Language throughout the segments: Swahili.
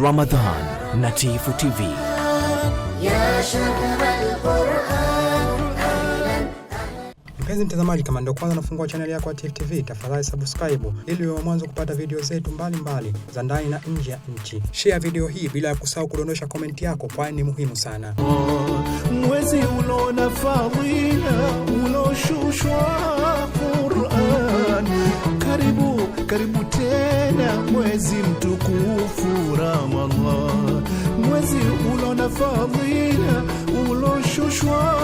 ramadan na Tifu TV. Mpenzi mtazamaji, kama ndio kwanza nafungua chaneli yako ya Tifu TV, tafadhali subscribe ili uwe mwanzo kupata video zetu mbalimbali za ndani na nje ya nchi. Share video hii bila ya kusahau kudondosha komenti yako, kwani ni muhimu sana. Oh, mwezi unaona fadhila unaoshushwa karibu tena mwezi mtukufu Ramadhan, mwezi ulona fadhila uloshushwa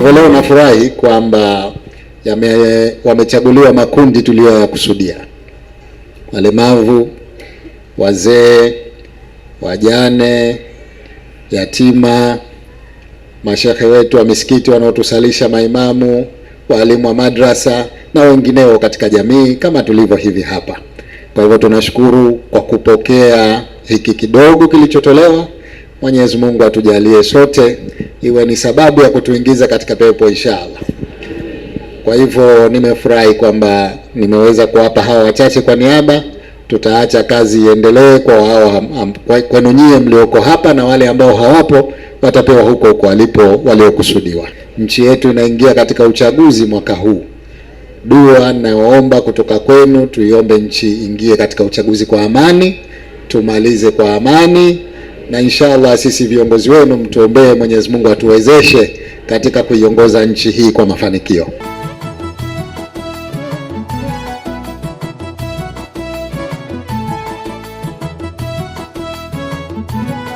Leo nafurahi kwamba wamechaguliwa makundi tuliyoyakusudia: walemavu, wazee, wajane, yatima, mashekhe wetu wa misikiti wanaotusalisha maimamu, waalimu wa madrasa na wengineo katika jamii kama tulivyo hivi hapa. Kwa hivyo tunashukuru kwa kupokea hiki kidogo kilichotolewa. Mwenyezi Mungu atujalie sote iwe ni sababu ya kutuingiza katika pepo inshallah. Kwa hivyo nimefurahi kwamba nimeweza kuwapa hawa wachache kwa niaba. Tutaacha kazi iendelee kwa hao kwenu nyie mlioko hapa na wale ambao hawapo watapewa huko huko walipo waliokusudiwa. Nchi yetu inaingia katika uchaguzi mwaka huu. Dua naomba kutoka kwenu, tuiombe nchi ingie katika uchaguzi kwa amani, tumalize kwa amani na inshallah sisi viongozi wenu mtuombee Mwenyezi Mungu atuwezeshe katika kuiongoza nchi hii kwa mafanikio.